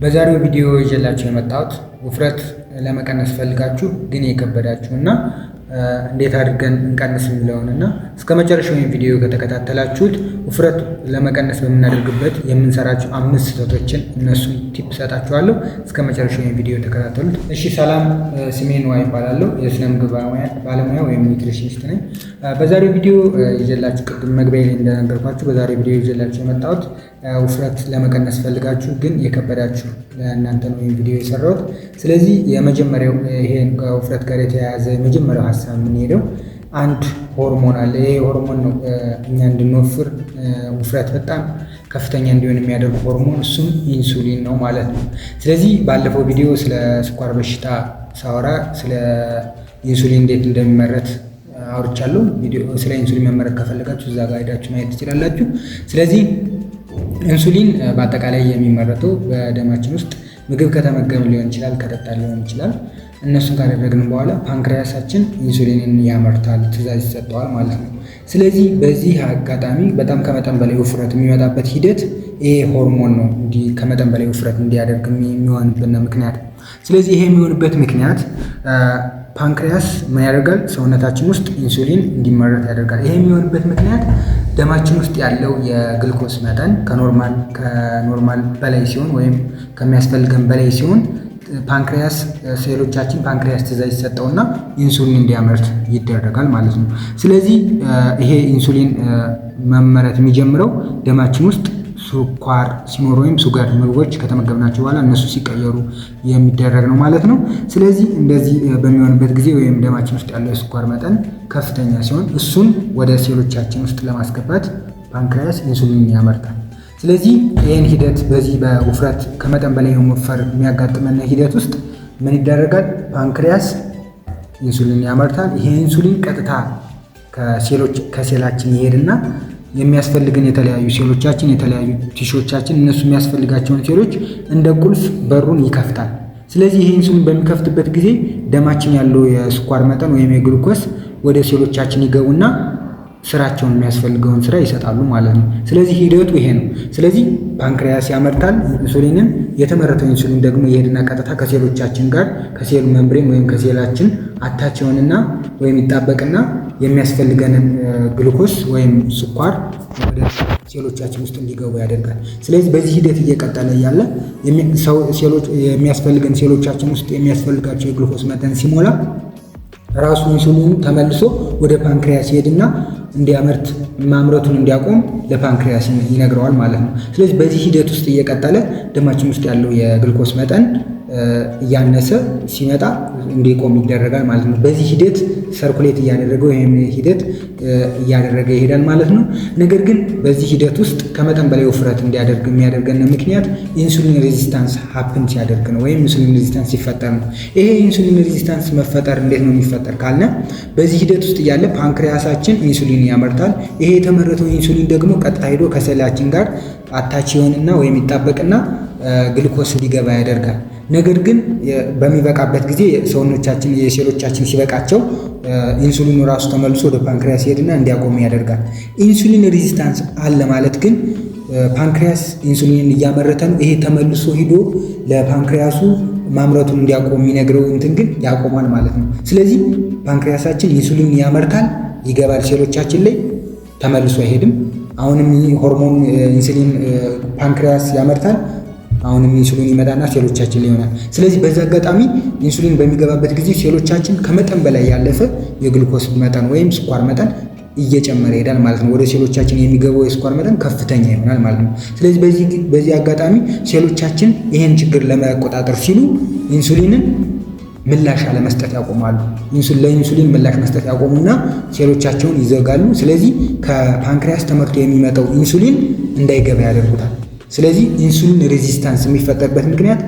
በዛሬው ቪዲዮ ይዤላችሁ የመጣሁት ውፍረት ለመቀነስ ፈልጋችሁ ግን የከበዳችሁ እና እንዴት አድርገን እንቀንስ የሚለውን እና እስከ መጨረሻው ይህን ቪዲዮ ከተከታተላችሁት ውፍረት ለመቀነስ በምናደርግበት የምንሰራቸው አምስት ስህተቶችን እነሱን ቲፕ ሰጣችኋለሁ። እስከ መጨረሻው ይህን ቪዲዮ ተከታተሉት። እሺ፣ ሰላም ስሜን ዋ ይባላለሁ። የስነ ምግብ ባለሙያ ወይም ኒትሪሽኒስት ነኝ። በዛሬው ቪዲዮ ይዤላችሁ ቅድም መግቢያ ላይ እንደነገርኳችሁ በዛሬው ቪዲዮ ይዤላችሁ የመጣሁት ውፍረት ለመቀነስ ፈልጋችሁ ግን የከበዳችሁ ለእናንተ ነው ይህን ቪዲዮ የሰራሁት። ስለዚህ የመጀመሪያው ይሄ ከውፍረት ጋር የተያያዘ የመጀመሪያው ሀሳብ የምንሄደው አንድ ሆርሞን አለ። ይህ ሆርሞን ነው እኛ እንድንወፍር ውፍረት በጣም ከፍተኛ እንዲሆን የሚያደርግ ሆርሞን፣ እሱም ኢንሱሊን ነው ማለት ነው። ስለዚህ ባለፈው ቪዲዮ ስለ ስኳር በሽታ ሳወራ ስለ ኢንሱሊን እንዴት እንደሚመረት አውርቻለሁ። ስለ ኢንሱሊን መመረት ከፈለጋችሁ እዛ ጋር ሄዳችሁ ማየት ትችላላችሁ። ስለዚህ ኢንሱሊን በአጠቃላይ የሚመረተው በደማችን ውስጥ ምግብ ከተመገብ ሊሆን ይችላል፣ ከጠጣ ሊሆን ይችላል እነሱን ካደረግን በኋላ ፓንክሪያሳችን ኢንሱሊንን ያመርታል፣ ትእዛዝ ይሰጠዋል ማለት ነው። ስለዚህ በዚህ አጋጣሚ በጣም ከመጠን በላይ ውፍረት የሚመጣበት ሂደት ይሄ ሆርሞን ነው እንዲህ ከመጠን በላይ ውፍረት እንዲያደርግ የሚሆንብን ምክንያት። ስለዚህ ይሄ የሚሆንበት ምክንያት ፓንክሪያስ ምን ያደርጋል? ሰውነታችን ውስጥ ኢንሱሊን እንዲመረት ያደርጋል። ይሄ የሚሆንበት ምክንያት ደማችን ውስጥ ያለው የግልኮስ መጠን ከኖርማል ከኖርማል በላይ ሲሆን ወይም ከሚያስፈልገን በላይ ሲሆን ፓንክሪያስ ሴሎቻችን ፓንክሪያስ ትዕዛዝ ይሰጠውና ኢንሱሊን እንዲያመርት ይደረጋል ማለት ነው። ስለዚህ ይሄ ኢንሱሊን መመረት የሚጀምረው ደማችን ውስጥ ስኳር ሲኖር ወይም ሱጋር ምግቦች ከተመገብናቸው በኋላ እነሱ ሲቀየሩ የሚደረግ ነው ማለት ነው። ስለዚህ እንደዚህ በሚሆንበት ጊዜ ወይም ደማችን ውስጥ ያለው የስኳር መጠን ከፍተኛ ሲሆን እሱን ወደ ሴሎቻችን ውስጥ ለማስገባት ፓንክሪያስ ኢንሱሊን ያመርታል። ስለዚህ ይህን ሂደት በዚህ በውፍረት ከመጠን በላይ መወፈር የሚያጋጥመን ሂደት ውስጥ ምን ይደረጋል? ፓንክሪያስ ኢንሱሊን ያመርታል። ይሄ ኢንሱሊን ቀጥታ ከሴሎች ከሴላችን ይሄድና የሚያስፈልግን የተለያዩ ሴሎቻችን የተለያዩ ቲሾቻችን እነሱ የሚያስፈልጋቸውን ሴሎች እንደ ቁልፍ በሩን ይከፍታል። ስለዚህ ይህ ኢንሱሊን በሚከፍትበት ጊዜ ደማችን ያለው የስኳር መጠን ወይም የግሉኮስ ወደ ሴሎቻችን ይገቡና ስራቸውን የሚያስፈልገውን ስራ ይሰጣሉ ማለት ነው። ስለዚህ ሂደቱ ይሄ ነው። ስለዚህ ፓንክሪያስ ያመርታል ኢንሱሊንን። የተመረተው ኢንሱሊን ደግሞ ይሄድና ቀጥታ ከሴሎቻችን ጋር ከሴሉ መምብሬን ወይም ከሴላችን አታቸውንና ወይም ይጣበቅና የሚያስፈልገንን ግሉኮስ ወይም ስኳር ወደ ሴሎቻችን ውስጥ እንዲገቡ ያደርጋል። ስለዚህ በዚህ ሂደት እየቀጠለ እያለ የሚያስፈልገን ሴሎቻችን ውስጥ የሚያስፈልጋቸው የግሉኮስ መጠን ሲሞላ ራሱ ኢንሱሊኑ ተመልሶ ወደ ፓንክሪያስ ይሄድና እንዲያመርት ማምረቱን እንዲያቆም ለፓንክሪያስ ይነግረዋል ማለት ነው። ስለዚህ በዚህ ሂደት ውስጥ እየቀጠለ ደማችን ውስጥ ያለው የግልኮስ መጠን እያነሰ ሲመጣ እንዲቆም ይደረጋል ማለት ነው። በዚህ ሂደት ሰርኩሌት እያደረገው ይህም ሂደት እያደረገ ይሄዳል ማለት ነው። ነገር ግን በዚህ ሂደት ውስጥ ከመጠን በላይ ውፍረት እንዲያደርግ የሚያደርገን ምክንያት ኢንሱሊን ሬዚስታንስ ሀፕን ሲያደርግ ነው፣ ወይም ኢንሱሊን ሬዚስታንስ ሲፈጠር ነው። ይሄ ኢንሱሊን ሬዚስታንስ መፈጠር እንዴት ነው የሚፈጠር ካልነ በዚህ ሂደት ውስጥ እያለ ፓንክሪያሳችን ኢንሱሊን ያመርታል። ይሄ የተመረተው ኢንሱሊን ደግሞ ቀጥታ ሄዶ ከሰላችን ጋር አታች ይሆንና ወይም ይጣበቅና ግልኮስ እንዲገባ ያደርጋል። ነገር ግን በሚበቃበት ጊዜ ሰውኖቻችን የሴሎቻችን ሲበቃቸው ኢንሱሊኑ ራሱ ተመልሶ ወደ ፓንክሪያስ ይሄድና እንዲያቆሙ ያደርጋል። ኢንሱሊን ሬዚስታንስ አለ ማለት ግን ፓንክሪያስ ኢንሱሊንን እያመረተ ነው። ይሄ ተመልሶ ሂዶ ለፓንክሪያሱ ማምረቱን እንዲያቆም የሚነግረው እንትን ግን ያቆማል ማለት ነው። ስለዚህ ፓንክሪያሳችን ኢንሱሊን ያመርታል፣ ይገባል ሴሎቻችን ላይ ተመልሶ አይሄድም። አሁንም ሆርሞን ኢንሱሊን ፓንክሪያስ ያመርታል አሁንም ኢንሱሊን ይመጣና ሴሎቻችን ሊሆናል። ይሆናል። ስለዚህ በዚህ አጋጣሚ ኢንሱሊን በሚገባበት ጊዜ ሴሎቻችን ከመጠን በላይ ያለፈ የግሉኮስ መጠን ወይም ስኳር መጠን እየጨመረ ይሄዳል ማለት ነው። ወደ ሴሎቻችን የሚገባው የስኳር መጠን ከፍተኛ ይሆናል ማለት ነው። ስለዚህ በዚህ አጋጣሚ ሴሎቻችን ይህን ችግር ለመቆጣጠር ሲሉ ኢንሱሊንን ምላሽ አለመስጠት ያቆማሉ። ለኢንሱሊን ምላሽ መስጠት ያቆሙና ሴሎቻቸውን ይዘጋሉ። ስለዚህ ከፓንክሪያስ ተመርቶ የሚመጣው ኢንሱሊን እንዳይገባ ያደርጉታል። ስለዚህ ኢንሱሊን ሬዚስታንስ የሚፈጠርበት ምክንያት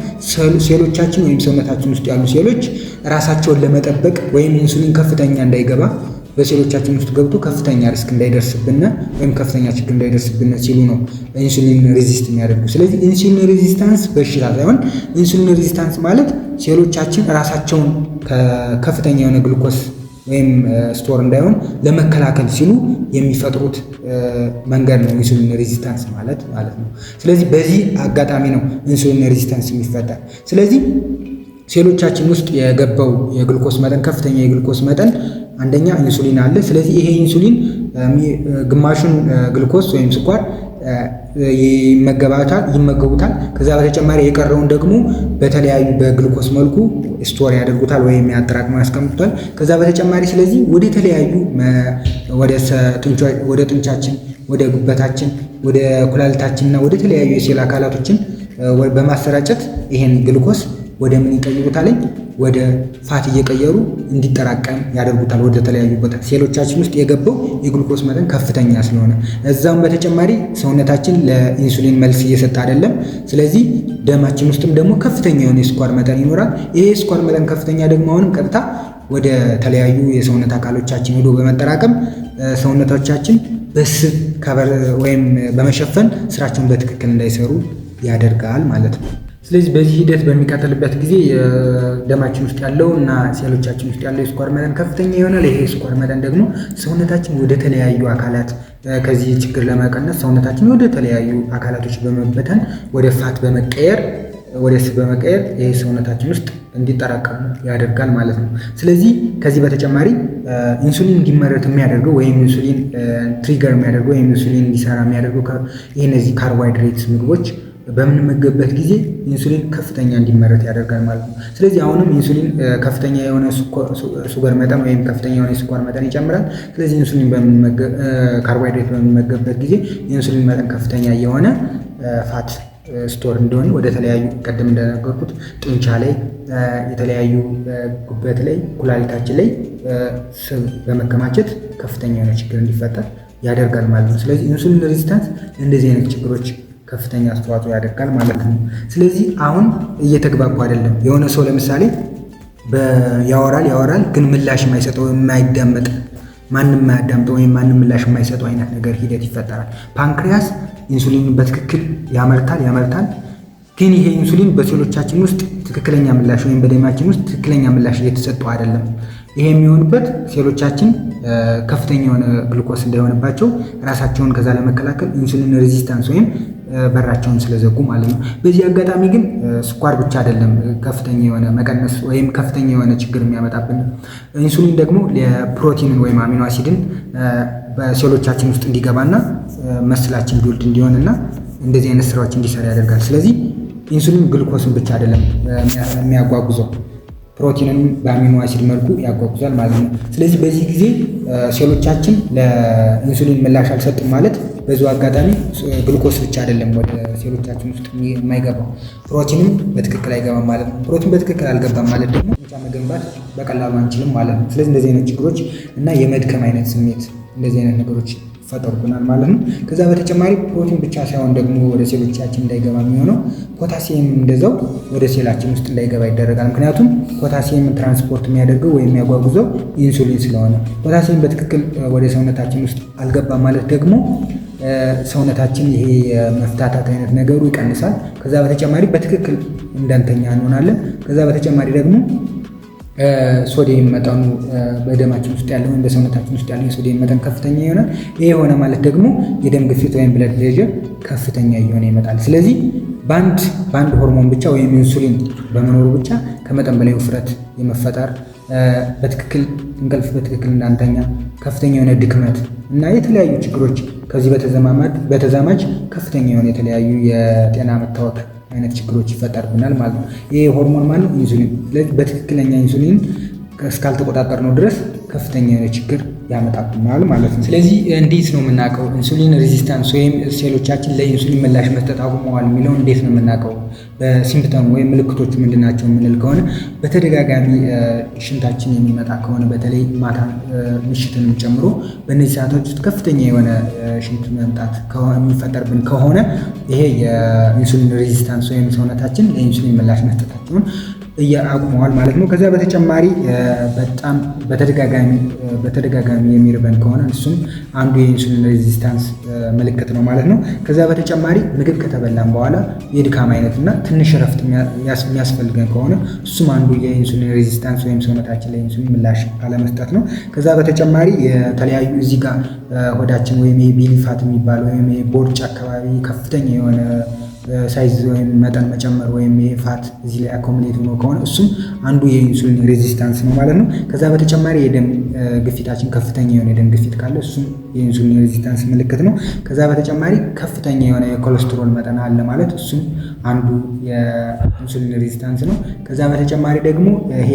ሴሎቻችን ወይም ሰውነታችን ውስጥ ያሉ ሴሎች ራሳቸውን ለመጠበቅ ወይም ኢንሱሊን ከፍተኛ እንዳይገባ በሴሎቻችን ውስጥ ገብቶ ከፍተኛ ሪስክ እንዳይደርስብን ወይም ከፍተኛ ችግር እንዳይደርስብን ሲሉ ነው ኢንሱሊን ሬዚስት የሚያደርጉ። ስለዚህ ኢንሱሊን ሬዚስታንስ በሽታ ሳይሆን ኢንሱሊን ሬዚስታንስ ማለት ሴሎቻችን ራሳቸውን ከከፍተኛ የሆነ ግሉኮስ ወይም ስቶር እንዳይሆን ለመከላከል ሲሉ የሚፈጥሩት መንገድ ነው ኢንሱሊን ሬዚስታንስ ማለት ማለት ነው። ስለዚህ በዚህ አጋጣሚ ነው ኢንሱሊን ሬዚስታንስ የሚፈጠር። ስለዚህ ሴሎቻችን ውስጥ የገባው የግልኮስ መጠን ከፍተኛ የግልኮስ መጠን አንደኛ ኢንሱሊን አለ። ስለዚህ ይሄ ኢንሱሊን ግማሹን ግልኮስ ወይም ስኳር ይመገባታል ይመገቡታል። ከዛ በተጨማሪ የቀረውን ደግሞ በተለያዩ በግልኮስ መልኩ ስቶር ያደርጉታል ወይም ያጠራቅሙ ያስቀምጡታል። ከዛ በተጨማሪ ስለዚህ ወደ ተለያዩ ወደ ጡንቻችን፣ ወደ ጉበታችን፣ ወደ ኩላሊታችንና ወደ ተለያዩ የሴል አካላቶችን በማሰራጨት ይሄን ግልኮስ ወደ ምን ይቀይሩታል? ወደ ፋት እየቀየሩ እንዲጠራቀም ያደርጉታል። ወደ ተለያዩ ቦታ ሴሎቻችን ውስጥ የገባው የግሉኮስ መጠን ከፍተኛ ስለሆነ፣ እዛም በተጨማሪ ሰውነታችን ለኢንሱሊን መልስ እየሰጠ አይደለም። ስለዚህ ደማችን ውስጥም ደግሞ ከፍተኛ የሆነ የስኳር መጠን ይኖራል። ይሄ የስኳር መጠን ከፍተኛ ደግሞ አሁንም ቀጥታ ወደ ተለያዩ የሰውነት አካሎቻችን ሄዶ በመጠራቀም ሰውነቶቻችን በስብ ወይም በመሸፈን ስራቸውን በትክክል እንዳይሰሩ ያደርጋል ማለት ነው። ስለዚህ በዚህ ሂደት በሚቀጥልበት ጊዜ ደማችን ውስጥ ያለው እና ሴሎቻችን ውስጥ ያለው የስኳር መጠን ከፍተኛ ይሆናል። ይሄ የስኳር መጠን ደግሞ ሰውነታችን ወደ ተለያዩ አካላት ከዚህ ችግር ለመቀነስ ሰውነታችን ወደ ተለያዩ አካላቶች በመበተን ወደ ፋት በመቀየር ወደ ስብ በመቀየር ይህ ሰውነታችን ውስጥ እንዲጠራቀሙ ያደርጋል ማለት ነው። ስለዚህ ከዚህ በተጨማሪ ኢንሱሊን እንዲመረት የሚያደርገው ወይም ኢንሱሊን ትሪገር የሚያደርገው ወይም ኢንሱሊን እንዲሰራ የሚያደርገው ይህ እነዚህ ካርቦሃይድሬት ምግቦች በምንመገብበት ጊዜ ኢንሱሊን ከፍተኛ እንዲመረት ያደርጋል ማለት ነው። ስለዚህ አሁንም ኢንሱሊን ከፍተኛ የሆነ ሱገር መጠን ወይም ከፍተኛ የሆነ የስኳር መጠን ይጨምራል። ስለዚህ ኢንሱሊን ካርቦሃይድሬት በምንመገብበት ጊዜ የኢንሱሊን መጠን ከፍተኛ የሆነ ፋት ስቶር እንደሆነ ወደ ተለያዩ ቀደም እንደነገርኩት ጡንቻ ላይ የተለያዩ ጉበት ላይ ኩላሊታችን ላይ ስብ በመከማቸት ከፍተኛ የሆነ ችግር እንዲፈጠር ያደርጋል ማለት ነው። ስለዚህ ኢንሱሊን ሬዚስታንስ እንደዚህ አይነት ችግሮች ከፍተኛ አስተዋጽኦ ያደርጋል ማለት ነው። ስለዚህ አሁን እየተግባቡ አይደለም። የሆነ ሰው ለምሳሌ ያወራል ያወራል፣ ግን ምላሽ የማይሰጠው የማይዳመጥ ማንም የማያዳምጠው ወይም ማንም ምላሽ የማይሰጠው አይነት ነገር ሂደት ይፈጠራል። ፓንክሪያስ ኢንሱሊን በትክክል ያመርታል ያመርታል፣ ግን ይሄ ኢንሱሊን በሴሎቻችን ውስጥ ትክክለኛ ምላሽ ወይም በደማችን ውስጥ ትክክለኛ ምላሽ እየተሰጠው አይደለም። ይሄ የሚሆንበት ሴሎቻችን ከፍተኛ የሆነ ግልኮስ እንዳይሆንባቸው ራሳቸውን ከዛ ለመከላከል ኢንሱሊን ሬዚስታንስ ወይም በራቸውን ስለዘጉ ማለት ነው። በዚህ አጋጣሚ ግን ስኳር ብቻ አይደለም ከፍተኛ የሆነ መቀነስ ወይም ከፍተኛ የሆነ ችግር የሚያመጣብን። ኢንሱሊን ደግሞ የፕሮቲንን ወይም አሚኖ አሲድን በሴሎቻችን ውስጥ እንዲገባና መስላችን ቢውልድ እንዲሆንና እንደዚህ አይነት ስራዎች እንዲሰራ ያደርጋል። ስለዚህ ኢንሱሊን ግልኮስን ብቻ አይደለም የሚያጓጉዘው ፕሮቲንን በአሚኖ አሲድ መልኩ ያጓጉዛል ማለት ነው። ስለዚህ በዚህ ጊዜ ሴሎቻችን ለኢንሱሊን ምላሽ አልሰጥም ማለት በዚሁ አጋጣሚ ግልኮስ ብቻ አይደለም ወደ ሴሎቻችን ውስጥ የማይገባው ፕሮቲንም በትክክል አይገባም ማለት ነው። ፕሮቲን በትክክል አልገባም ማለት ደግሞ ጡንቻ መገንባት በቀላሉ አንችልም ማለት ነው። ስለዚህ እንደዚህ አይነት ችግሮች እና የመድከም አይነት ስሜት እንደዚህ አይነት ነገሮች ፈጠሩብናል ማለት ነው። ከዛ በተጨማሪ ፕሮቲን ብቻ ሳይሆን ደግሞ ወደ ሴሎቻችን እንዳይገባ የሚሆነው ፖታሲየም እንደዛው ወደ ሴላችን ውስጥ እንዳይገባ ይደረጋል። ምክንያቱም ፖታሲየም ትራንስፖርት የሚያደርገው ወይም የሚያጓጉዘው ኢንሱሊን ስለሆነ ፖታሲየም በትክክል ወደ ሰውነታችን ውስጥ አልገባ ማለት ደግሞ ሰውነታችን ይሄ የመፍታታት አይነት ነገሩ ይቀንሳል። ከዛ በተጨማሪ በትክክል እንዳንተኛ እንሆናለን። ከዛ በተጨማሪ ደግሞ ሶዲየም መጠኑ በደማችን ውስጥ ያለ ወይም በሰውነታችን ውስጥ ያለ የሶዲየም መጠን ከፍተኛ ይሆናል። ይሄ የሆነ ማለት ደግሞ የደም ግፊት ወይም ብለድ ፕሬሸር ከፍተኛ እየሆነ ይመጣል። ስለዚህ በአንድ በአንድ ሆርሞን ብቻ ወይም ኢንሱሊን በመኖሩ ብቻ ከመጠን በላይ ውፍረት የመፈጠር በትክክል እንቅልፍ በትክክል እንዳንተኛ፣ ከፍተኛ የሆነ ድክመት እና የተለያዩ ችግሮች ከዚህ በተዛማጅ ከፍተኛ የሆነ የተለያዩ የጤና መታወክ አይነት ችግሮች ይፈጠርብናል ማለት ነው። ይህ ሆርሞን ማለት ኢንሱሊን። በትክክለኛ ኢንሱሊን ነው ድረስ ከፍተኛ ችግር ያመጣብናል ማለት ነው። ስለዚህ እንዴት ነው የምናውቀው ኢንሱሊን ሬዚስታንስ ወይም ሴሎቻችን ለኢንሱሊን ምላሽ መስጠት አቁመዋል የሚለው እንዴት ነው የምናውቀው? በሲምፕተም ወይም ምልክቶቹ ምንድናቸው የምንል ከሆነ በተደጋጋሚ ሽንታችን የሚመጣ ከሆነ በተለይ ማታ ምሽትንም ጨምሮ በእነዚህ ሰዓቶች ውስጥ ከፍተኛ የሆነ ሽንት መምጣት የሚፈጠርብን ከሆነ ይሄ የኢንሱሊን ሬዚስታንስ ወይም ሰውነታችን ለኢንሱሊን ምላሽ መስጠታቸውን አቁመዋል ማለት ነው። ከዚያ በተጨማሪ በጣም በተደጋጋሚ በተደጋጋሚ የሚርበን ከሆነ እሱም አንዱ የኢንሱሊን ሬዚስታንስ ምልክት ነው ማለት ነው። ከዚያ በተጨማሪ ምግብ ከተበላን በኋላ የድካም አይነት እና ትንሽ ረፍት የሚያስፈልገን ከሆነ እሱም አንዱ የኢንሱሊን ሬዚስታንስ ወይም ሰውነታችን ላይ ኢንሱሊን ምላሽ አለመስጠት ነው። ከዛ በተጨማሪ የተለያዩ እዚህ ጋር ሆዳችን ወይም የቤሊፋት የሚባል ወይም የቦርጭ አካባቢ ከፍተኛ የሆነ ሳይዝ ወይም መጠን መጨመር ወይም የፋት እዚህ ላይ አኮሚሌት ሆኖ ከሆነ እሱም አንዱ የኢንሱሊን ሬዚስታንስ ነው ማለት ነው። ከዛ በተጨማሪ የደም ግፊታችን ከፍተኛ የሆነ የደም ግፊት ካለ እሱም የኢንሱሊን ሬዚስታንስ ምልክት ነው። ከዛ በተጨማሪ ከፍተኛ የሆነ የኮለስትሮል መጠን አለ ማለት እሱም አንዱ የኢንሱሊን ሬዚስታንስ ነው። ከዛ በተጨማሪ ደግሞ ይሄ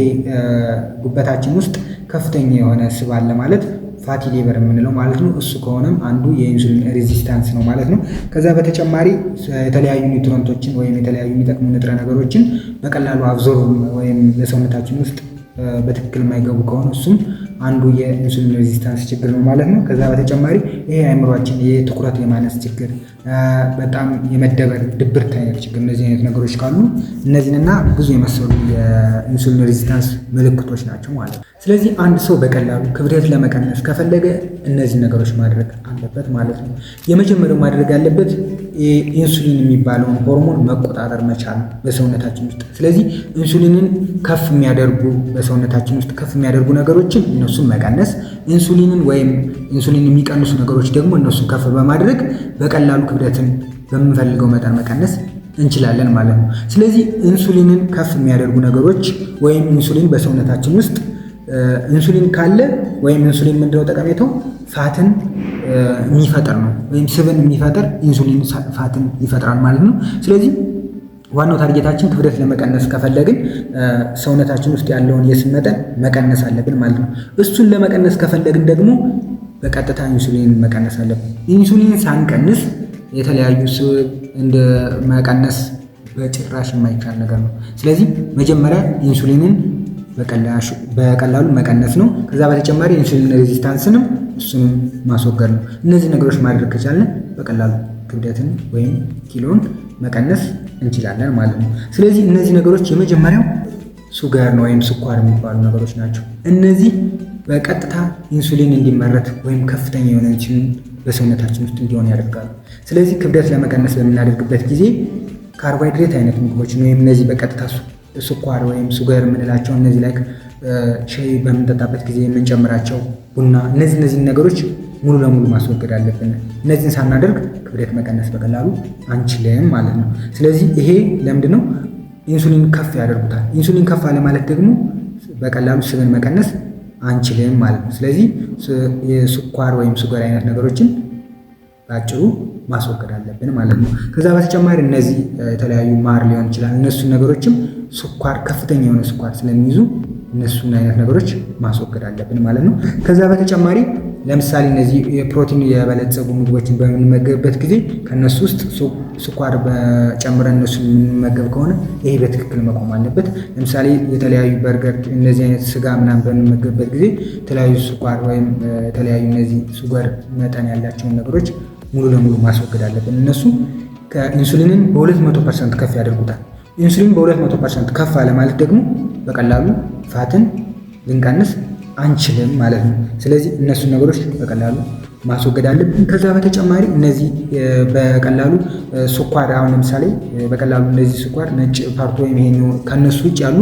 ጉበታችን ውስጥ ከፍተኛ የሆነ ስብ አለ ማለት ፋቲ ሊቨር የምንለው ማለት ነው። እሱ ከሆነም አንዱ የኢንሱሊን ሬዚስታንስ ነው ማለት ነው። ከዛ በተጨማሪ የተለያዩ ኒውትረንቶችን ወይም የተለያዩ የሚጠቅሙ ንጥረ ነገሮችን በቀላሉ አብዞርብ ወይም ለሰውነታችን ውስጥ በትክክል የማይገቡ ከሆነ እሱም አንዱ የኢንሱሊን ሬዚስታንስ ችግር ነው ማለት ነው። ከዛ በተጨማሪ ይሄ አእምሯችን የትኩረት የማነስ ችግር፣ በጣም የመደበር ድብርት አይነት ችግር፣ እነዚህ አይነት ነገሮች ካሉ እነዚህንና ብዙ የመሰሉ የኢንሱሊን ሬዚስታንስ ምልክቶች ናቸው ማለት ነው። ስለዚህ አንድ ሰው በቀላሉ ክብደት ለመቀነስ ከፈለገ እነዚህ ነገሮች ማድረግ አለበት ማለት ነው። የመጀመሪያው ማድረግ ያለበት ኢንሱሊን የሚባለውን ሆርሞን መቆጣጠር መቻል በሰውነታችን ውስጥ። ስለዚህ ኢንሱሊንን ከፍ የሚያደርጉ በሰውነታችን ውስጥ ከፍ የሚያደርጉ ነገሮችን እነሱን መቀነስ፣ ኢንሱሊንን ወይም ኢንሱሊን የሚቀንሱ ነገሮች ደግሞ እነሱን ከፍ በማድረግ በቀላሉ ክብደትን በምንፈልገው መጠን መቀነስ እንችላለን ማለት ነው። ስለዚህ ኢንሱሊንን ከፍ የሚያደርጉ ነገሮች ወይም ኢንሱሊን በሰውነታችን ውስጥ ኢንሱሊን ካለ ወይም ኢንሱሊን ምንድነው ጠቀሜታው ፋትን የሚፈጥር ነው ወይም ስብን የሚፈጥር ኢንሱሊን ፋትን ይፈጥራል ማለት ነው። ስለዚህ ዋናው ታርጌታችን ክብደት ለመቀነስ ከፈለግን ሰውነታችን ውስጥ ያለውን የስብ መጠን መቀነስ አለብን ማለት ነው። እሱን ለመቀነስ ከፈለግን ደግሞ በቀጥታ ኢንሱሊን መቀነስ አለብን። ኢንሱሊን ሳንቀንስ የተለያዩ ስብ እንደ መቀነስ በጭራሽ የማይቻል ነገር ነው። ስለዚህ መጀመሪያ ኢንሱሊንን በቀላሉ መቀነስ ነው። ከዛ በተጨማሪ ኢንሱሊን ሬዚስታንስንም እሱንም ማስወገድ ነው። እነዚህ ነገሮች ማድረግ ከቻለን በቀላሉ ክብደትን ወይም ኪሎን መቀነስ እንችላለን ማለት ነው። ስለዚህ እነዚህ ነገሮች የመጀመሪያው ሱጋር ነው ወይም ስኳር የሚባሉ ነገሮች ናቸው። እነዚህ በቀጥታ ኢንሱሊን እንዲመረት ወይም ከፍተኛ የሆነ ኢንሱሊን በሰውነታችን ውስጥ እንዲሆን ያደርጋሉ። ስለዚህ ክብደት ለመቀነስ በምናደርግበት ጊዜ ካርቦሃይድሬት አይነት ምግቦችን ወይም እነዚህ በቀጥታ ስኳር ወይም ሱገር የምንላቸው እነዚህ ላይ ሻይ በምንጠጣበት ጊዜ የምንጨምራቸው ቡና፣ እነዚህ እነዚህ ነገሮች ሙሉ ለሙሉ ማስወገድ አለብን። እነዚህን ሳናደርግ ክብደት መቀነስ በቀላሉ አንችልም ማለት ነው። ስለዚህ ይሄ ለምንድን ነው ኢንሱሊን ከፍ ያደርጉታል። ኢንሱሊን ከፍ አለ ማለት ደግሞ በቀላሉ ስብን መቀነስ አንችልም ማለት ነው። ስለዚህ የስኳር ወይም ሱገር አይነት ነገሮችን በአጭሩ ማስወገድ አለብን ማለት ነው። ከዛ በተጨማሪ እነዚህ የተለያዩ ማር ሊሆን ይችላል እነሱን ነገሮችም ስኳር ከፍተኛ የሆነ ስኳር ስለሚይዙ እነሱን አይነት ነገሮች ማስወገድ አለብን ማለት ነው። ከዛ በተጨማሪ ለምሳሌ እነዚህ የፕሮቲን የበለጸጉ ምግቦችን በምንመገብበት ጊዜ ከእነሱ ውስጥ ስኳር ጨምረን እነሱን የምንመገብ ከሆነ ይሄ በትክክል መቆም አለበት። ለምሳሌ የተለያዩ በርገር፣ እነዚህ አይነት ስጋ ምናምን በምንመገብበት ጊዜ የተለያዩ ስኳር ወይም የተለያዩ እነዚህ ሱገር መጠን ያላቸውን ነገሮች ሙሉ ለሙሉ ማስወገድ አለብን። እነሱ ከኢንሱሊንን በ200 ፐርሰንት ከፍ ያደርጉታል። ኢንሱሊን በ200 ፐርሰንት ከፍ አለ ማለት ደግሞ በቀላሉ ፋትን ልንቀንስ አንችልም ማለት ነው። ስለዚህ እነሱን ነገሮች በቀላሉ ማስወገድ አለብን። ከዛ በተጨማሪ እነዚህ በቀላሉ ስኳር አሁን ለምሳሌ በቀላሉ እነዚህ ስኳር ነጭ ፓርቶ ወይም ይሄ ከእነሱ ውጭ ያሉ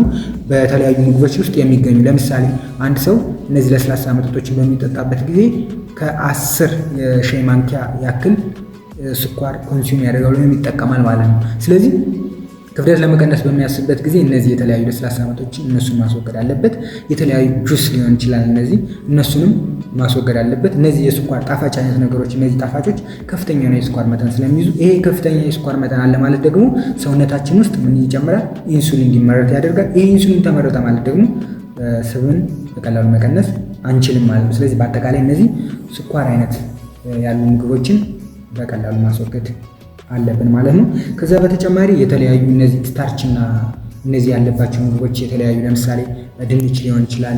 በተለያዩ ምግቦች ውስጥ የሚገኙ ለምሳሌ አንድ ሰው እነዚህ ለስላሳ መጠጦችን በሚጠጣበት ጊዜ ከአስር የሻይ ማንኪያ ያክል ስኳር ኮንሱም ያደርጋል ወይም ይጠቀማል ማለት ነው። ስለዚህ ክብደት ለመቀነስ በሚያስብበት ጊዜ እነዚህ የተለያዩ ለስላሳ መጦችን እነሱን ማስወገድ አለበት። የተለያዩ ጁስ ሊሆን ይችላል። እነዚህ እነሱንም ማስወገድ አለበት። እነዚህ የስኳር ጣፋጭ አይነት ነገሮች እነዚህ ጣፋጮች ከፍተኛ የሆነ የስኳር መጠን ስለሚይዙ ይሄ ከፍተኛ የስኳር መጠን አለ ማለት ደግሞ ሰውነታችን ውስጥ ምን ይጨምራል? ኢንሱሊን እንዲመረት ያደርጋል። ይህ ኢንሱሊን ተመረተ ማለት ደግሞ ስብን በቀላሉ መቀነስ አንችልም ማለት ነው። ስለዚህ በአጠቃላይ እነዚህ ስኳር አይነት ያሉ ምግቦችን በቀላሉ ማስወገድ አለብን ማለት ነው። ከዛ በተጨማሪ የተለያዩ እነዚህ ስታርችና እነዚህ ያለባቸው ምግቦች የተለያዩ ለምሳሌ ድንች ሊሆን ይችላል፣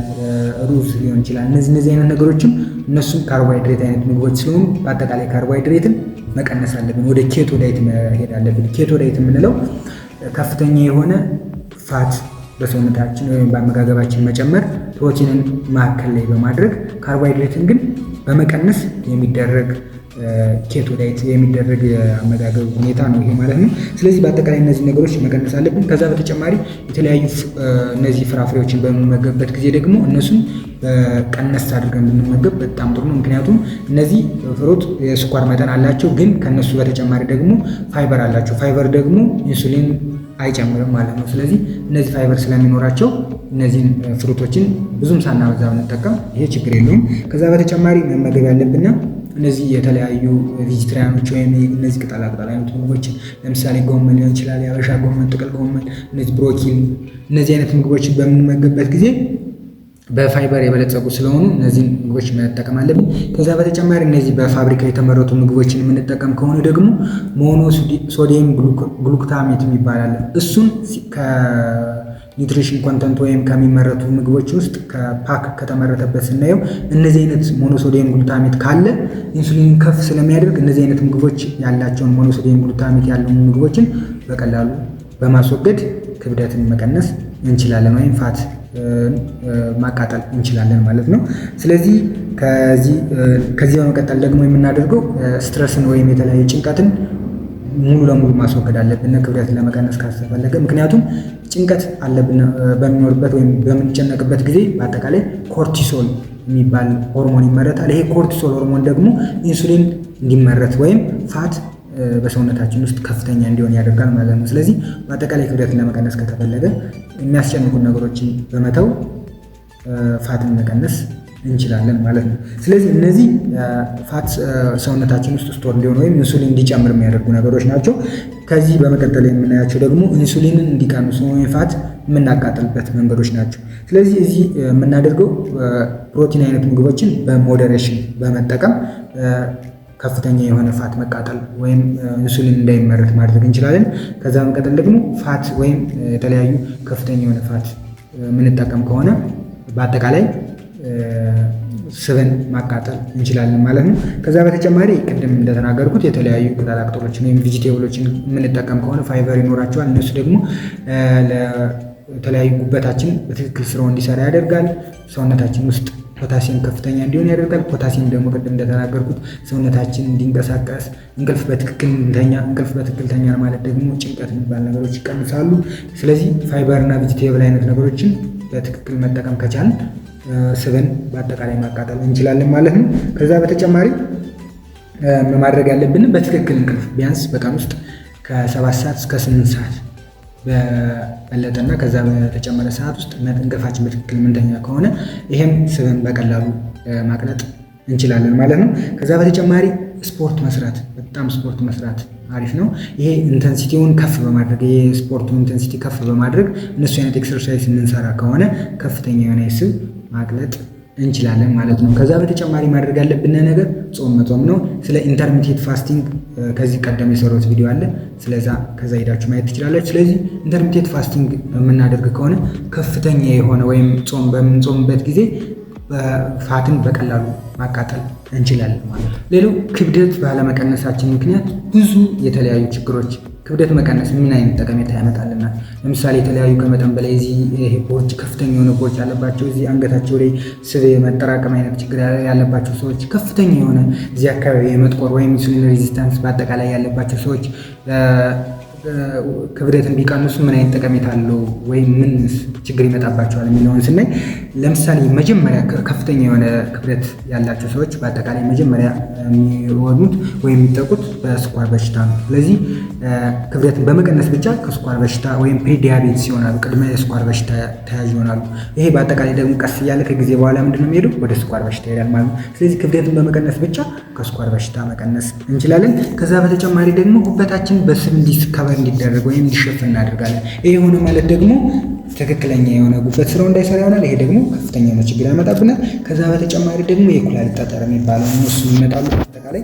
ሩዝ ሊሆን ይችላል። እነዚህ እነዚህ አይነት ነገሮችም እነሱም ካርቦሃይድሬት አይነት ምግቦች ስለሆኑ በአጠቃላይ ካርቦሃይድሬትን መቀነስ አለብን። ወደ ኬቶ ዳይት መሄድ አለብን። ኬቶ ዳይት የምንለው ከፍተኛ የሆነ ፋት በሰውነታችን ወይም በአመጋገባችን መጨመር ፕሮቲንን ማዕከል ላይ በማድረግ ካርቦሃይድሬትን ግን በመቀነስ የሚደረግ ኬቶ ዳይት የሚደረግ የአመጋገብ ሁኔታ ነው ይሄ ማለት ነው። ስለዚህ በአጠቃላይ እነዚህ ነገሮች መቀነስ አለብን። ከዛ በተጨማሪ የተለያዩ እነዚህ ፍራፍሬዎችን በምንመገብበት ጊዜ ደግሞ እነሱን ቀነስ አድርገን ብንመገብ በጣም ጥሩ ነው። ምክንያቱም እነዚህ ፍሩት የስኳር መጠን አላቸው፣ ግን ከነሱ በተጨማሪ ደግሞ ፋይበር አላቸው። ፋይበር ደግሞ ኢንሱሊን አይጨምርም ማለት ነው። ስለዚህ እነዚህ ፋይበር ስለሚኖራቸው እነዚህን ፍሩቶችን ብዙም ሳናበዛ ብንጠቀም ይሄ ችግር የለውም። ከዛ በተጨማሪ መመገብ ያለብና እነዚህ የተለያዩ ቬጅትሪያኖች ወይም እነዚህ ቅጠላቅጠል አይነት ምግቦችን ለምሳሌ ጎመን ሊሆን ይችላል፣ የአበሻ ጎመን፣ ጥቅል ጎመን፣ እነዚህ ብሮኪሊ፣ እነዚህ አይነት ምግቦችን በምንመገብበት ጊዜ በፋይበር የበለጸጉ ስለሆኑ እነዚህን ምግቦች መጠቀም አለብን። ከዛ በተጨማሪ እነዚህ በፋብሪካ የተመረቱ ምግቦችን የምንጠቀም ከሆነ ደግሞ ሞኖ ሶዲየም ግሉክታሜት የሚባል አለ። እሱን ኒውትሪሽን ኮንተንት ወይም ከሚመረቱ ምግቦች ውስጥ ከፓክ ከተመረተበት ስናየው እነዚህ አይነት ሞኖሶዲየም ጉልታሚት ካለ ኢንሱሊን ከፍ ስለሚያደርግ እነዚህ አይነት ምግቦች ያላቸውን ሞኖሶዲየም ግሉታሜት ያሉ ምግቦችን በቀላሉ በማስወገድ ክብደትን መቀነስ እንችላለን ወይም ፋት ማቃጠል እንችላለን ማለት ነው። ስለዚህ ከዚህ በመቀጠል ደግሞ የምናደርገው ስትረስን ወይም የተለያዩ ጭንቀትን ሙሉ ለሙሉ ማስወገድ አለብን ክብደትን ለመቀነስ ካስፈለገ ምክንያቱም ጭንቀት አለብን በሚኖርበት ወይም በምንጨነቅበት ጊዜ በአጠቃላይ ኮርቲሶል የሚባል ሆርሞን ይመረታል። ይሄ ኮርቲሶል ሆርሞን ደግሞ ኢንሱሊን እንዲመረት ወይም ፋት በሰውነታችን ውስጥ ከፍተኛ እንዲሆን ያደርጋል ማለት ነው። ስለዚህ በአጠቃላይ ክብደትን ለመቀነስ ከተፈለገ የሚያስጨንቁን ነገሮችን በመተው ፋትን መቀነስ እንችላለን ማለት ነው። ስለዚህ እነዚህ ፋት ሰውነታችን ውስጥ ስቶር ሊሆን ወይም ኢንሱሊን እንዲጨምር የሚያደርጉ ነገሮች ናቸው። ከዚህ በመቀጠል የምናያቸው ደግሞ ኢንሱሊንን እንዲቀንሱ ወይም ፋት የምናቃጥልበት መንገዶች ናቸው። ስለዚህ እዚህ የምናደርገው ፕሮቲን አይነት ምግቦችን በሞዴሬሽን በመጠቀም ከፍተኛ የሆነ ፋት መቃጠል ወይም ኢንሱሊን እንዳይመረት ማድረግ እንችላለን። ከዛ መቀጠል ደግሞ ፋት ወይም የተለያዩ ከፍተኛ የሆነ ፋት የምንጠቀም ከሆነ በአጠቃላይ ስብን ማቃጠል እንችላለን ማለት ነው። ከዛ በተጨማሪ ቅድም እንደተናገርኩት የተለያዩ ቅጠላቅጠሎችን ወይም ቪጂቴብሎችን የምንጠቀም ከሆነ ፋይበር ይኖራቸዋል። እነሱ ደግሞ ለተለያዩ ጉበታችን በትክክል ስራው እንዲሰራ ያደርጋል። ሰውነታችን ውስጥ ፖታሲየም ከፍተኛ እንዲሆን ያደርጋል። ፖታሲየም ደግሞ ቅድም እንደተናገርኩት ሰውነታችን እንዲንቀሳቀስ እንቅልፍ በትክክል እንተኛ። እንቅልፍ በትክክል ተኛ ማለት ደግሞ ጭንቀት የሚባል ነገሮች ይቀንሳሉ። ስለዚህ ፋይበርና ቪጂቴብል አይነት ነገሮችን በትክክል መጠቀም ከቻልን ስብን በአጠቃላይ ማቃጠል እንችላለን ማለት ነው። ከዛ በተጨማሪ ማድረግ ያለብን በትክክል እንቅልፍ ቢያንስ በቀን ውስጥ ከሰባት ሰዓት እስከ ስምንት ሰዓት በበለጠና ከዛ በተጨመረ ሰዓት ውስጥ እንቅልፋችን በትክክል ምንተኛ ከሆነ ይህም ስብን በቀላሉ ማቅለጥ እንችላለን ማለት ነው። ከዛ በተጨማሪ ስፖርት መስራት በጣም ስፖርት መስራት አሪፍ ነው። ይሄ ኢንተንሲቲውን ከፍ በማድረግ የስፖርቱ ኢንተንሲቲ ከፍ በማድረግ እነሱ አይነት ኤክሰርሳይዝ የምንሰራ ከሆነ ከፍተኛ የሆነ ስብ። ማቅለጥ እንችላለን ማለት ነው። ከዛ በተጨማሪ ማድረግ ያለብን ነገር ጾም መጾም ነው። ስለ ኢንተርሚቴት ፋስቲንግ ከዚህ ቀደም የሰሩት ቪዲዮ አለ። ስለዛ ከዛ ሄዳችሁ ማየት ትችላላችሁ። ስለዚህ ኢንተርሚቴት ፋስቲንግ የምናደርግ ከሆነ ከፍተኛ የሆነ ወይም ጾም በምንጾምበት ጊዜ ፋትን በቀላሉ ማቃጠል እንችላለን ማለት ነው። ሌላው ክብደት ባለመቀነሳችን ምክንያት ብዙ የተለያዩ ችግሮች ክብደት መቀነስ ምን አይነት ጠቀሜታ ያመጣልናል? ለምሳሌ የተለያዩ ከመጠን በላይ እዚህ ሂፖች ከፍተኛ የሆነ ቦርጭ ያለባቸው እዚህ አንገታቸው ላይ ስብ መጠራቀም አይነት ችግር ያለባቸው ሰዎች፣ ከፍተኛ የሆነ እዚህ አካባቢ የመጥቆር ወይም ኢንሱሊን ሬዚስታንስ በአጠቃላይ ያለባቸው ሰዎች ክብደትን ቢቀንሱ ምን አይነት ጠቀሜታ አለው ወይም ምን ችግር ይመጣባቸዋል የሚለውን ስናይ ለምሳሌ መጀመሪያ ከፍተኛ የሆነ ክብደት ያላቸው ሰዎች በአጠቃላይ መጀመሪያ የሚሆኑት ወይም የሚጠቁት በስኳር በሽታ ነው። ስለዚህ ክብደትን በመቀነስ ብቻ ከስኳር በሽታ ወይም ፕሪዲያቤትስ ይሆናሉ፣ ቅድመ የስኳር በሽታ ተያዥ ይሆናሉ። ይሄ በአጠቃላይ ደግሞ ቀስ እያለ ከጊዜ በኋላ ምንድነው የሚሄደው ወደ ስኳር በሽታ ይሄዳል ማለት ነው። ስለዚህ ክብደትን በመቀነስ ብቻ ከስኳር በሽታ መቀነስ እንችላለን። ከዛ በተጨማሪ ደግሞ ጉበታችን በስብ እንዲከበር እንዲደረግ ወይም እንዲሸፍን እናደርጋለን። ይሄ የሆነ ማለት ደግሞ ትክክለኛ የሆነ ጉበት ስራው እንዳይሰራ ይሆናል። ይሄ ደግሞ ከፍተኛ ነው ችግር ያመጣብናል። ከዛ በተጨማሪ ደግሞ የኩላሊት ጠጠር የሚባለው እነሱ ይመጣሉ። አጠቃላይ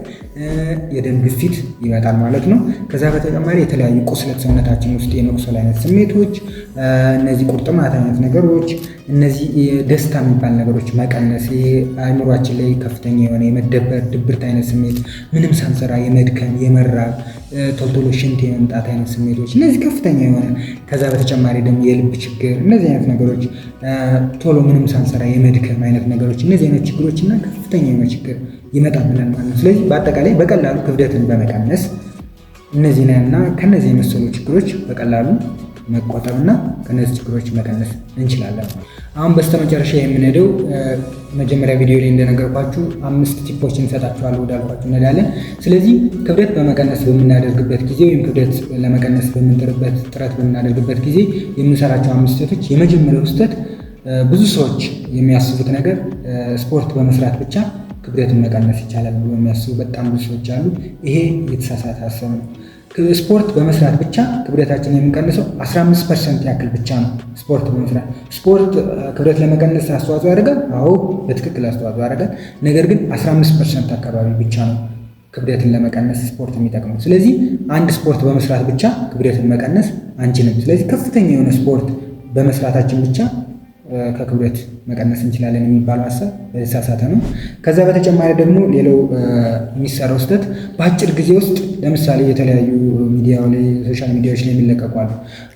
የደም ግፊት ይመጣል ማለት ነው። ከዛ በተጨማሪ የተለያዩ ቁስለት ሰውነታችን ውስጥ የመቁሰል አይነት ስሜቶች፣ እነዚህ ቁርጥማት አይነት ነገሮች፣ እነዚህ ደስታ የሚባል ነገሮች መቀነስ፣ አይምሯችን ላይ ከፍተኛ የሆነ የመደበር ድብርት አይነት ስሜት፣ ምንም ሳንሰራ የመድከም የመራብ ቶልቶሎ ቶሎ ሽንት የመምጣት አይነት ስሜቶች፣ እነዚህ ከፍተኛ የሆነ ከዛ በተጨማሪ ደግሞ የልብ ችግር፣ እነዚህ አይነት ነገሮች ቶሎ ምንም ሳንሰራ የመድከም አይነት ነገሮች፣ እነዚህ አይነት ችግሮች እና ከፍተኛ የሆነ ችግር ይመጣብናል ማለት ነው። ስለዚህ በአጠቃላይ በቀላሉ ክብደትን በመቀነስ እነዚህን እና ከነዚህ የመሰሉ ችግሮች በቀላሉ መቆጠብና ከነዚህ ችግሮች መቀነስ እንችላለን። አሁን በስተመጨረሻ የምንሄደው መጀመሪያ ቪዲዮ ላይ እንደነገርኳችሁ አምስት ቲፖች እንሰጣችኋለሁ ወዳልኳችሁ እንሄዳለን። ስለዚህ ክብደት በመቀነስ በምናደርግበት ጊዜ ወይም ክብደት ለመቀነስ በምንጥርበት ጥረት በምናደርግበት ጊዜ የምንሰራቸው አምስት ስህተቶች፣ የመጀመሪያው ስህተት ብዙ ሰዎች የሚያስቡት ነገር ስፖርት በመስራት ብቻ ክብደትን መቀነስ ይቻላል ብሎ የሚያስቡ በጣም ብዙ ሰዎች አሉ። ይሄ የተሳሳተ ሀሳብ ነው። ስፖርት በመስራት ብቻ ክብደታችን የምንቀንሰው 15 ፐርሰንት ያክል ብቻ ነው። ስፖርት በመስራት ስፖርት ክብደት ለመቀነስ አስተዋጽኦ ያደርጋል። አዎ በትክክል አስተዋጽኦ ያደርጋል። ነገር ግን 15 ፐርሰንት አካባቢ ብቻ ነው ክብደትን ለመቀነስ ስፖርት የሚጠቅመው። ስለዚህ አንድ ስፖርት በመስራት ብቻ ክብደትን መቀነስ አንችልም። ስለዚህ ከፍተኛ የሆነ ስፖርት በመስራታችን ብቻ ከክብደት መቀነስ እንችላለን የሚባለው ሀሳብ የተሳሳተ ነው። ከዛ በተጨማሪ ደግሞ ሌላው የሚሰራው ስህተት በአጭር ጊዜ ውስጥ ለምሳሌ የተለያዩ ሚዲያ ሶሻል ሚዲያዎች ላይ የሚለቀቁ አሉ።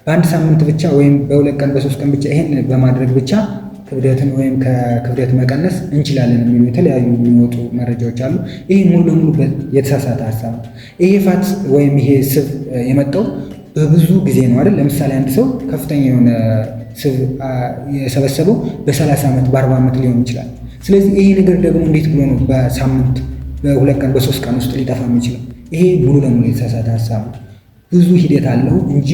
በአንድ ሳምንት ብቻ ወይም በሁለት ቀን በሶስት ቀን ብቻ ይሄን በማድረግ ብቻ ክብደትን ወይም ከክብደት መቀነስ እንችላለን የሚሉ የተለያዩ የሚወጡ መረጃዎች አሉ። ይሄ ሙሉ ለሙሉ የተሳሳተ ሀሳብ ነው። ይሄ ፋት ወይም ይሄ ስብ የመጣው በብዙ ጊዜ ነው አይደል? ለምሳሌ አንድ ሰው ከፍተኛ የሆነ የሰበሰበው በሰላሳ ዓመት በአርባ ዓመት ሊሆን ይችላል። ስለዚህ ይሄ ነገር ደግሞ እንዴት ብሎ ነው በሳምንት በሁለት ቀን በሶስት ቀን ውስጥ ሊጠፋ የሚችለው? ይሄ ሙሉ ለሙሉ የተሳሳተ ሀሳብ ነው። ብዙ ሂደት አለው እንጂ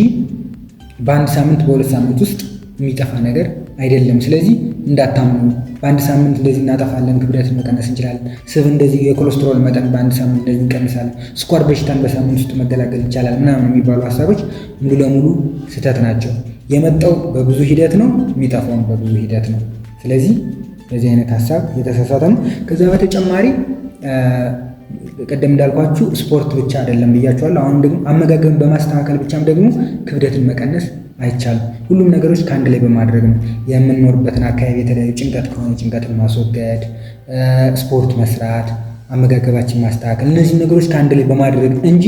በአንድ ሳምንት በሁለት ሳምንት ውስጥ የሚጠፋ ነገር አይደለም። ስለዚህ እንዳታምኑ። በአንድ ሳምንት እንደዚህ እናጠፋለን፣ ክብደትን መቀነስ እንችላለን፣ ስብ እንደዚህ የኮሌስትሮል መጠን በአንድ ሳምንት እንደዚህ እንቀንሳለን፣ ስኳር በሽታን በሳምንት ውስጥ መገላገል ይቻላል ምናምን የሚባሉ ሀሳቦች ሙሉ ለሙሉ ስህተት ናቸው። የመጣው በብዙ ሂደት ነው፣ የሚጠፋውን በብዙ ሂደት ነው። ስለዚህ በዚህ አይነት ሀሳብ የተሳሳተ ነው። ከዛ በተጨማሪ ቀደም እንዳልኳችሁ ስፖርት ብቻ አይደለም ብያችኋለሁ። አሁን ደግሞ አመጋገብን በማስተካከል ብቻም ደግሞ ክብደትን መቀነስ አይቻልም። ሁሉም ነገሮች ከአንድ ላይ በማድረግ ነው። የምንኖርበትን አካባቢ የተለያዩ ጭንቀት ከሆነ ጭንቀትን ማስወገድ፣ ስፖርት መስራት፣ አመጋገባችን ማስተካከል፣ እነዚህ ነገሮች ከአንድ ላይ በማድረግ እንጂ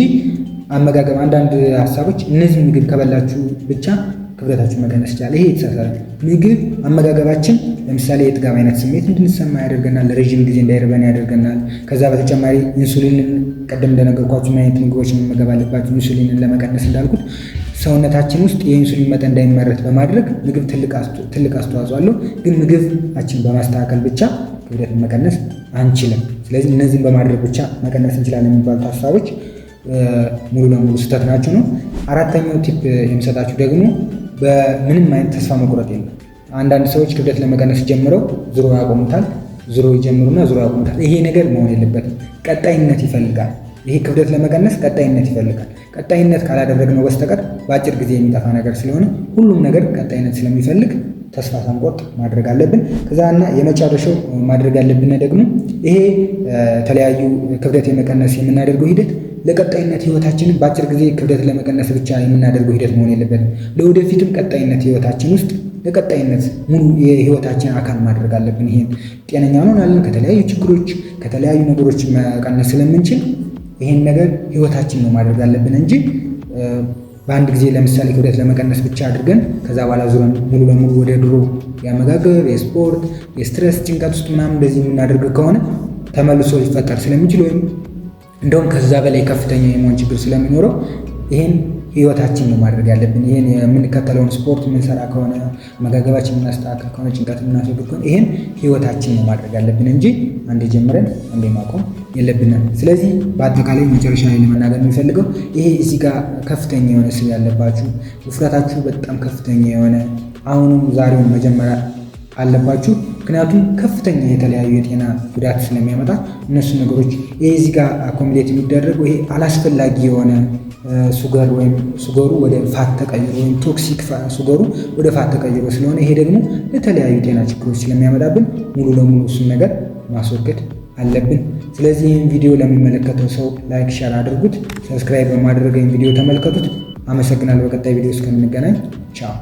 አመጋገብ አንዳንድ ሀሳቦች እነዚህ ምግብ ከበላችሁ ብቻ ክብደታችን መቀነስ ይቻላል። ይሄ የተሳሳተ ምግብ አመጋገባችን ለምሳሌ የጥጋብ አይነት ስሜት እንድንሰማ ያደርገናል። ለረዥም ጊዜ እንዳይርበን ያደርገናል። ከዛ በተጨማሪ ኢንሱሊንን ቀደም እንደነገርኳችሁ ምን አይነት ምግቦች መመገብ አለባቸው ኢንሱሊንን ለመቀነስ እንዳልኩት ሰውነታችን ውስጥ የኢንሱሊን መጠን እንዳይመረት በማድረግ ምግብ ትልቅ አስተዋጽኦ አለው። ግን ምግባችንን በማስተካከል ብቻ ክብደትን መቀነስ አንችልም። ስለዚህ እነዚህን በማድረግ ብቻ መቀነስ እንችላለን የሚባሉት ሀሳቦች ሙሉ ለሙሉ ስህተት ናቸው ነው። አራተኛው ቲፕ የምሰጣችሁ ደግሞ በምንም አይነት ተስፋ መቁረጥ የለም። አንዳንድ ሰዎች ክብደት ለመቀነስ ጀምረው ዙሮ ያቆሙታል፣ ዙሮ ይጀምሩና ዙሮ ያቆሙታል። ይሄ ነገር መሆን የለበትም። ቀጣይነት ይፈልጋል። ይሄ ክብደት ለመቀነስ ቀጣይነት ይፈልጋል። ቀጣይነት ካላደረግነው በስተቀር በአጭር ጊዜ የሚጠፋ ነገር ስለሆነ ሁሉም ነገር ቀጣይነት ስለሚፈልግ ተስፋ ሳንቆርጥ ማድረግ አለብን። ከዛና የመጨረሻው ማድረግ ያለብን ደግሞ ይሄ የተለያዩ ክብደት የመቀነስ የምናደርገው ሂደት ለቀጣይነት ህይወታችንን በአጭር ጊዜ ክብደት ለመቀነስ ብቻ የምናደርገው ሂደት መሆን የለበትም። ለወደፊትም ቀጣይነት ህይወታችን ውስጥ ለቀጣይነት ሙሉ የህይወታችን አካል ማድረግ አለብን። ይሄ ጤነኛ እንሆናለን። ከተለያዩ ችግሮች ከተለያዩ ነገሮች መቀነስ ስለምንችል ይህን ነገር ህይወታችን ነው ማድረግ አለብን እንጂ በአንድ ጊዜ ለምሳሌ ክብደት ለመቀነስ ብቻ አድርገን ከዛ በኋላ ዙረን ሙሉ ለሙሉ ወደ ድሮ የአመጋገብ፣ የስፖርት፣ የስትረስ ጭንቀት ውስጥ ምናምን እንደዚህ የምናደርግ ከሆነ ተመልሶ ሊፈጠር ስለሚችል ወይም እንደውም ከዛ በላይ ከፍተኛ የመሆን ችግር ስለሚኖረው ይህን ህይወታችን ነው ማድረግ ያለብን። ይህን የምንከተለውን ስፖርት የምንሰራ ከሆነ መጋገባችን የምናስተካከል ከሆነ ጭንቀት የምናስወግድ ከሆነ ይህን ህይወታችን ነው ማድረግ ያለብን እንጂ አንዴ ጀምረን አንዴ ማቆም የለብንም። ስለዚህ በአጠቃላይ መጨረሻ ላይ ለመናገር የሚፈልገው ይሄ እዚህ ጋር ከፍተኛ የሆነ ስብ ያለባችሁ፣ ውፍረታችሁ በጣም ከፍተኛ የሆነ አሁኑም ዛሬውን መጀመሪያ አለባችሁ። ምክንያቱም ከፍተኛ የተለያዩ የጤና ጉዳት ስለሚያመጣ እነሱ ነገሮች የዚህ ጋር አኮሚሌት የሚደረግ ይሄ አላስፈላጊ የሆነ ሱገር ወይም ሱገሩ ወደ ፋት ተቀይሮ ወይም ቶክሲክ ሱገሩ ወደ ፋት ተቀይሮ ስለሆነ ይሄ ደግሞ ለተለያዩ ጤና ችግሮች ስለሚያመጣብን ሙሉ ለሙሉ እሱን ነገር ማስወገድ አለብን። ስለዚህ ይህን ቪዲዮ ለሚመለከተው ሰው ላይክ፣ ሸር አድርጉት። ሰብስክራይብ በማድረግ ይህን ቪዲዮ ተመልከቱት። አመሰግናለሁ። በቀጣይ ቪዲዮ እስከምንገናኝ ቻው።